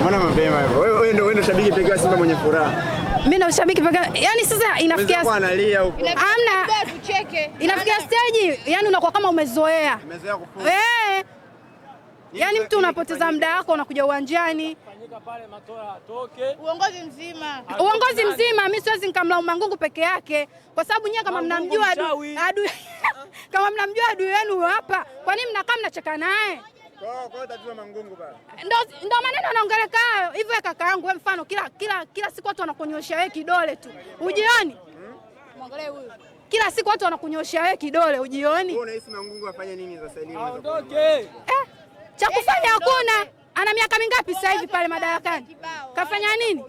Mbona mapema hivyo? Wewe ndio wewe ndio shabiki pekee wa Simba mwenye furaha. Mimi na ushabiki pekee. Yaani sasa inafikia analia huko. Hamna. Tucheke. Inafikia stage, yani unakuwa kama umezoea. Umezoea kufunga. Eh. Yaani mtu unapoteza muda wako unakuja uwanjani. Uongozi mzima. Uongozi mzima, mimi siwezi nikamlaumu Mangungu peke yake kwa sababu nyewe kama mnamjua adui kama mnamjua adui wenu hapa, kwa nini mnakaa mnacheka naye? Oh, ndo maneno anaongeleka hayo hivyo. Kaka yangu wewe, mfano kila kila kila siku watu wanakunyoshea wewe kidole tu, ujioni mwangalie huyu kila siku watu wanakunyoshea wewe kidole, ujioni. Unahisi mangungu afanye nini sasa? Aondoke eh, cha kufanya hakuna. Ana miaka mingapi sasa hivi pale madarakani? Kafanya nini?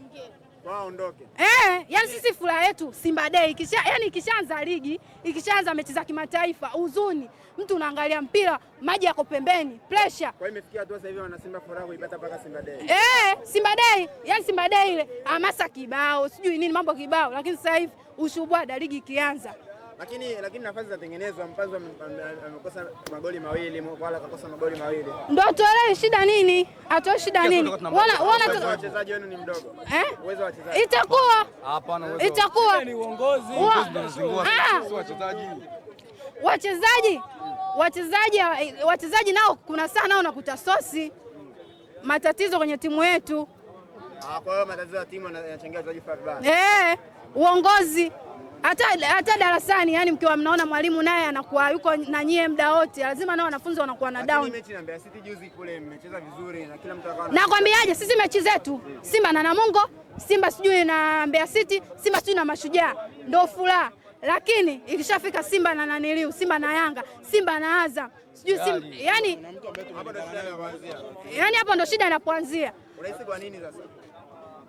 waondoke. Eh, yani sisi furaha yetu Simba Day ikisha, yani ikishaanza ligi ikishaanza mechi za kimataifa, huzuni, mtu unaangalia mpira, maji yako pembeni, pressure. Kwa hiyo imefikia hatua sasa hivi wana Simba furaha kuipata mpaka Simba Day. Eh, Simba Day, yani Simba Day ile hamasa kibao, sijui nini mambo kibao, lakini sasa hivi ushubwada ligi ikianza lakini lakini nafasi zinatengenezwa, Mpanzo amekosa magoli mawili, wala akakosa magoli mawili. Ndio tuelewe shida nini? Atoe shida nini? Wana wana wachezaji wenu ni mdogo. Eh? Uwezo wa wachezaji. Itakuwa. Hapana uwezo. Itakuwa. Ni uongozi. Ah! Wachezaji. Wachezaji. Wachezaji eh, wachezaji nao kuna saa nao nakuta sosi matatizo kwenye timu yetu. Ah, kwa hiyo matatizo ya timu yanachangia wachezaji vibaya. Eh, uongozi hata hata darasani, yani mkiwa mnaona mwalimu naye anakuwa yuko na nyie muda wote, lazima nao wanafunzi wanakuwa na down. Nakwambiaje, sisi mechi zetu Simba na Namungo, Simba sijui na Mbeya City, Simba sijui na Mashujaa, ndo furaha lakini ikishafika Simba na naniliu Simba na Yanga, Simba na Azam, sijui Simba, yaani, yani yani hapo ndo shida inapoanzia.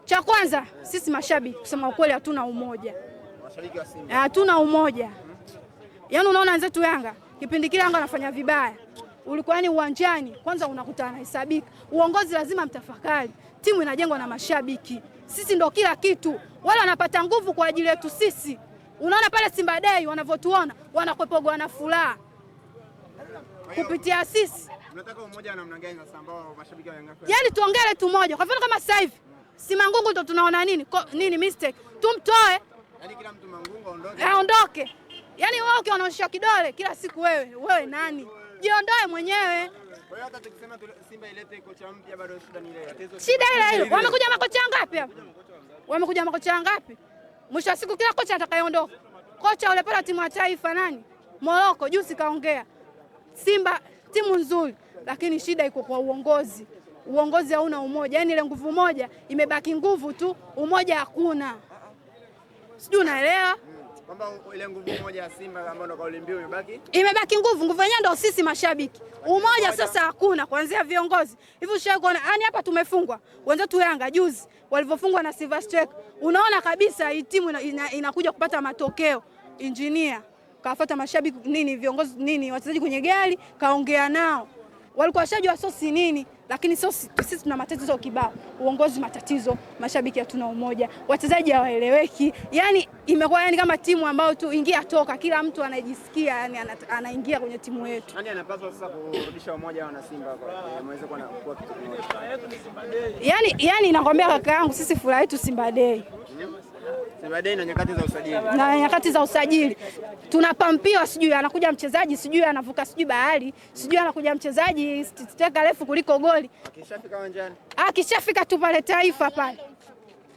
Cha kwanza sisi mashabiki kusema ukweli hatuna umoja. Eh, hatuna umoja. Yaani unaona wenzetu Yanga kipindi kile Yanga anafanya vibaya, ulikuwa ni yaani uwanjani kwanza unakuta anahesabika. Uongozi lazima mtafakari, timu inajengwa na mashabiki, sisi ndo kila kitu, wale wanapata nguvu kwa ajili yetu sisi. Unaona pale Simba Day wanavyotuona wanakwepogwa na furaha kupitia sisi. Yaani tuongele tu moja, kwa mfano kama sasa hivi Simangungu ndo tunaona nini nini mistake, tumtoe Yaani kila mtu mangungu aondoke. Aondoke. Yaani wewe ukionyesha kidole kila siku wewe, wewe nani? Jiondoe mwenyewe. Kwa hiyo hata tukisema Simba ilete kocha mpya bado shida ni ile. Shida ile ile. Wamekuja makocha ngapi hapa? Wamekuja makocha ngapi? Mwisho wa siku kila kocha atakayeondoka. Kocha yule pale timu ya taifa nani? Moroko juzi kaongea. Simba timu nzuri, lakini shida iko kwa uongozi. Uongozi hauna umoja, yaani ile nguvu moja imebaki nguvu tu, umoja hakuna sijui unaelewa kwamba ile nguvu moja ya Simba ambayo ndo kauli mbiu imebaki, imebaki nguvu nguvu yenyewe ndo sisi mashabiki, umoja sasa hakuna, kuanzia viongozi hivi. Ushawahi kuona yani hapa tumefungwa wenzetu Yanga juzi walivyofungwa na Silver Strike, unaona kabisa hii timu inakuja ina, ina kupata matokeo. injinia kafuata mashabiki nini, viongozi nini, wachezaji kwenye gari kaongea nao, walikuwa washajua sosi nini lakini sio sisi, tuna matatizo kibao, uongozi matatizo, mashabiki hatuna umoja, wachezaji hawaeleweki. Yani imekuwa yani kama timu ambayo tu ingia toka, kila mtu anajisikia yani anaingia kwenye timu yetu. Nani anapaswa sasa kurudisha umoja wana Simba kwa eh, muweze kuwa kitu kimoja? Yani yani, nakwambia kaka yangu, sisi furaha yetu Simba Day baadaye na nyakati za usajili, na nyakati za usajili tunapampiwa, sijui anakuja mchezaji sijui anavuka sijui bahari sijui anakuja mchezaji steka refu kuliko goli. Akishafika uwanjani, ah, akishafika tu pale Taifa pale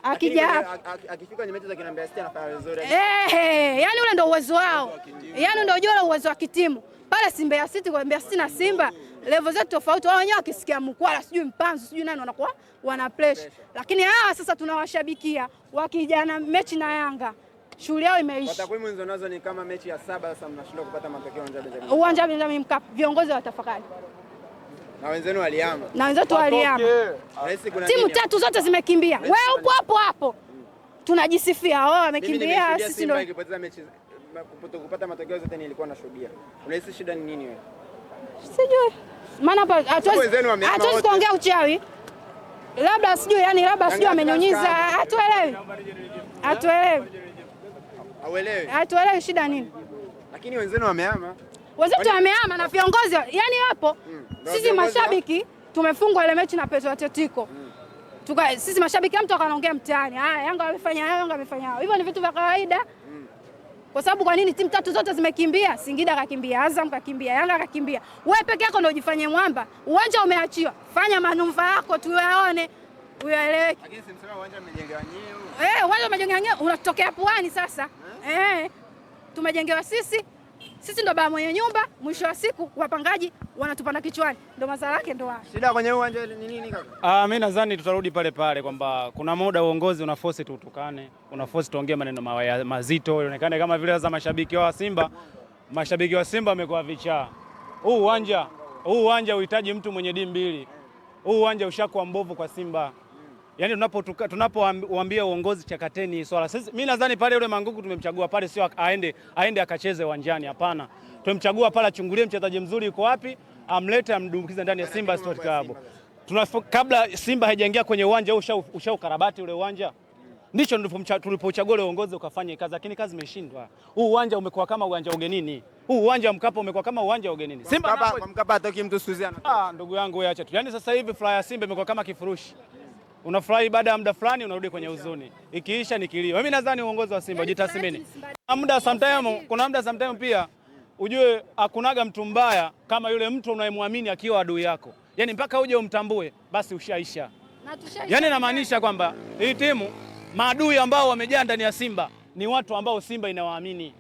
akija akifika kwenye mechi za kina Mbeya City anafanya vizuri. Eh, yani ule ndio uwezo wao, yani ndio jora uwezo wa kitimu pale. Si Mbeya City kwa Mbeya City na Simba level zetu tofauti. Wao wenyewe wakisikia mkwala, sijui mpanzu, sijui nani, wanakuwa wana pressure, lakini hawa sasa tunawashabikia. wakija na mechi na Yanga shughuli yao imeisha. Takwimu hizo nazo ni kama mechi ya saba, sasa mnashindwa kupata matokeo uwanja wa Benjamin Mkapa. Viongozi wa tafakari na wenzenu waliama na wenzetu waliama, Timu tatu zote zimekimbia, wewe upo hapo hapo, tunajisifia wao wamekimbia, sisi ndio mechi kupata matokeo zote nilikuwa nashuhudia. Unahisi shida ni nini wewe? Sijui maana hatuwezi kuongea uchawi, labda sijui, yani labda yaani sijui amenyunyiza, hatuelewi, hatuelewi, hatuelewi shida nini, lakini wenzenu wamehama, wenzetu wameama na viongozi yani hapo mm, Sisi mashabiki tumefungwa ile mechi na Petro Atletico mm. Tuka, sisi mashabiki mtu akanaongea mtaani, ah, Yanga wamefanya hayo, Yanga wamefanya hayo, hivyo ni vitu vya kawaida kwa sababu kwa nini timu tatu zote zimekimbia? Singida kakimbia, Azam kakimbia, Yanga kakimbia. Wewe peke yako ndio ujifanye mwamba, uwanja umeachiwa, fanya manufaa yako tuyaone, uyaeleweke. eh, uwanja umejengewa nyewe, unatokea puani sasa eh, eh tumejengewa sisi sisi ndo baa mwenye nyumba, mwisho wa siku wapangaji wanatupanda kichwani, ndo madhara yake ndo haya. Shida kwenye uwanja ni nini kaka? Ah, mimi nadhani tutarudi pale pale kwamba kuna muda uongozi unaforce tutukane, unaforce tuongee maneno mazito, ionekane kama vile za mashabiki wa Simba, mashabiki wa Simba wamekuwa vichaa. Huu uwanja, huu uwanja uhitaji mtu mwenye dimbili. Huu uwanja ushakuwa mbovu kwa Simba yani tunapowaambia uongozi chakateni swala. Sisi mimi nadhani pale yule Manguku tumemchagua pale sio aende, aende akacheze uwanjani, hapana. Tumemchagua pale achungulie mchezaji mzuri yuko wapi, amlete amdumbukize ndani ya Simba Sports Club. Kabla Simba haijaingia kwenye uwanja usha ukarabati ule uwanja ndicho tulipochagua ule uongozi ukafanye kazi, lakini kazi imeshindwa. Huu uwanja umekuwa kama uwanja ugenini, huu uwanja Mkapa umekuwa kama uwanja ugenini. Simba Mkapa, Mkapa hatoki mtu. ana Ah, ndugu yangu wewe acha tu, yaani sasa hivi flyer Simba imekuwa kama kifurushi unafurahi, baada ya muda fulani unarudi kwenye huzuni, ikiisha ni kilio. Mimi nadhani uongozi wa Simba yaani jitathmini yaani muda sometime, kuna muda sometime pia ujue hakunaga mtu mbaya kama yule mtu unayemwamini akiwa adui yako, yani mpaka uje umtambue, basi ushaisha. yani namaanisha kwamba hii timu maadui ambao wamejaa ndani ya Simba ni watu ambao Simba inawaamini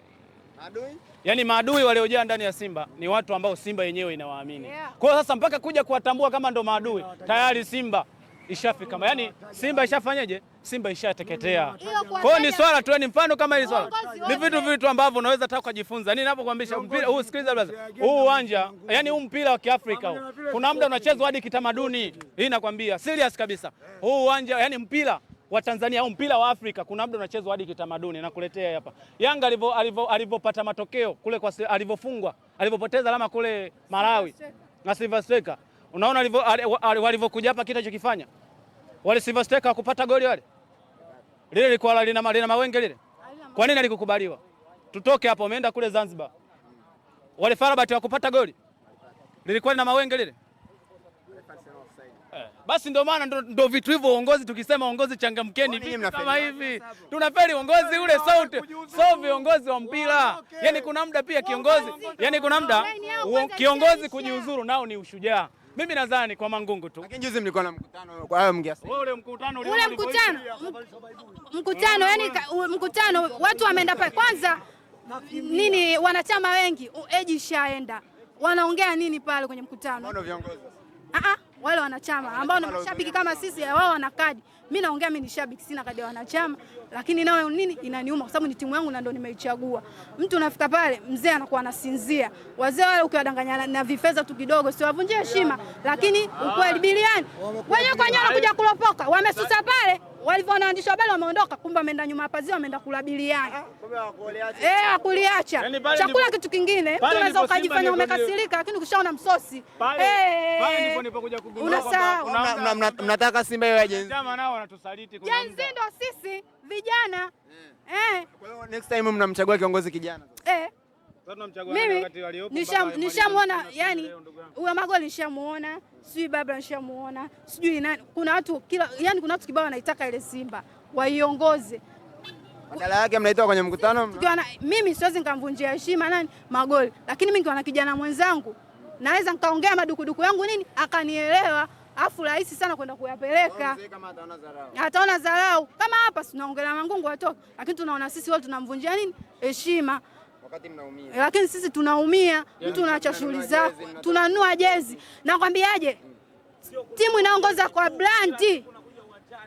maadui, yaani maadui waliojaa ndani ya Simba ni watu ambao Simba yenyewe inawaamini yeah. Kwa hiyo sasa mpaka kuja kuwatambua kama ndo maadui tayari Simba ishafika yani, Simba ishafanyaje? Simba ishateketea. Kwa hiyo ni swala tu, ni mfano kama hili swala, ni vitu vitu ambavyo unaweza hata kujifunza. Ni ninapokuambia mpira huu, sikiliza brother, huu uwanja, yani huu mpira wa Kiafrika huu, kuna muda unachezwa hadi kitamaduni. Hii nakwambia serious kabisa, huu uwanja, yani mpira wa Tanzania au mpira wa Afrika kuna muda unachezwa hadi kitamaduni. Nakuletea hapa Yanga alivyo alivyo alivyopata matokeo kule, kwa alivyofungwa, alivyopoteza alama kule Malawi na Silver Strikers Unaona walivyokuja hapa kitu alichokifanya wale Silver Stake wakupata goli wale, lile lilikuwa lina, lina mawenge lile. Kwa nini alikukubaliwa? Tutoke hapo, umeenda kule Zanzibar, wale Farabat wakupata goli lilikuwa lina mawenge lile. Eh, basi ndio maana ndio vitu hivyo uongozi. Tukisema uongozi changamkeni vitu kama hivi tunafeli uongozi ule sauti, so viongozi wa mpira yani, kuna muda pia kiongozi, yani kuna muda kiongozi kujiuzuru nao ni ushujaa. Mimi nadhani kwa Mangungu tu. Lakini juzi mlikuwa na mkutano kwa hayo mngeasema. Wewe ule mkutano ule ule mkutano mkutano yani mkutano watu wameenda pale kwanza nini wanachama wengi eji shaenda. Wanaongea nini pale kwenye mkutano? Mbona viongozi? Ah ah wale wanachama ambao ni mashabiki kama sisi, eh, wao wana kadi. Mimi naongea, mimi ni shabiki, sina kadi ya wanachama, lakini nayo nini, inaniuma kwa sababu ni timu yangu na ndio nimeichagua. Mtu unafika pale, mzee anakuwa anasinzia. Wazee wale ukiwadanganya na vifedha tu kidogo, siwavunjie heshima, lakini ukweli ah. biliani wenyewe kwenyewe wanakuja kulopoka, wamesusa pale walivyoona waandishi habari wameondoka, kumbe wameenda nyuma pazia, wameenda kulabiliana ah, eh, akuliacha yaani chakula kitu kingine. Unaweza ukajifanya umekasirika, lakini ukishaona msosi eh. unasahau. Mnataka Simba iwe jenzi, jenzi ndo sisi vijana. Eh. Eh. Next time mnamchagua kiongozi kijana eh mimi nishamwona, yani huyo magoli nishamwona, sijui Babla nishamwona, sijui nani. Kuna watu kila, yani kuna watu kibao wanaitaka ile Simba waiongoze badala yake mnaitoa kwenye mkutano. Mimi siwezi nikamvunjia heshima nani Magoli, lakini mimi nikiwa na kijana mwenzangu naweza nikaongea madukuduku yangu nini, akanielewa. Afu rahisi sana kwenda kuyapeleka, ataona dharau. Kama hapa tunaongelea mangungu atoke, lakini tunaona sisi wote tunamvunjia nini heshima wakati mnaumia, lakini sisi tunaumia. Mtu unaacha yaani shughuli zako, tunanua jezi. Nakwambiaje, timu inaongoza kwa blanti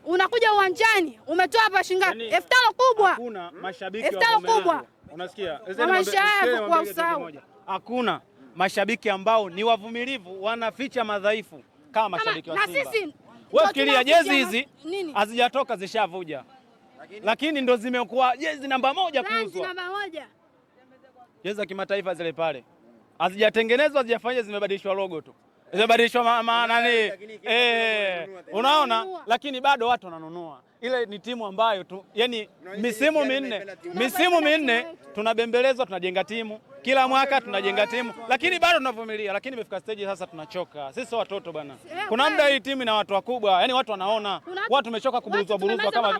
unakuja uwanjani umetoa hapa shingapi? Yaani elfu tano kubwa, hmm? elfu tano kubwa. Unasikia maisha yako kwa usawa. Hakuna mashabiki ambao ni wavumilivu, wanaficha madhaifu kama mashabiki wa Simba. Wewe fikiria jezi hizi hazijatoka zishavuja, lakini ndo zimekuwa jezi namba moja kuuzwa jezi za kimataifa zile pale hazijatengenezwa, hazijafanya, zimebadilishwa logo tu, zimebadilishwa maana nani, eh, unaona, lakini bado watu wananunua. Ile ni timu ambayo tu, yani misimu minne, misimu minne tunabembelezwa, tunajenga timu kila mwaka tunajenga timu lakini bado tunavumilia, lakini imefika stage sasa tunachoka. Sisi watoto bwana, eh, kuna muda hii timu ina watu wakubwa, yani watu wanaona, watu tumechoka kuburuzwa buruzwa kama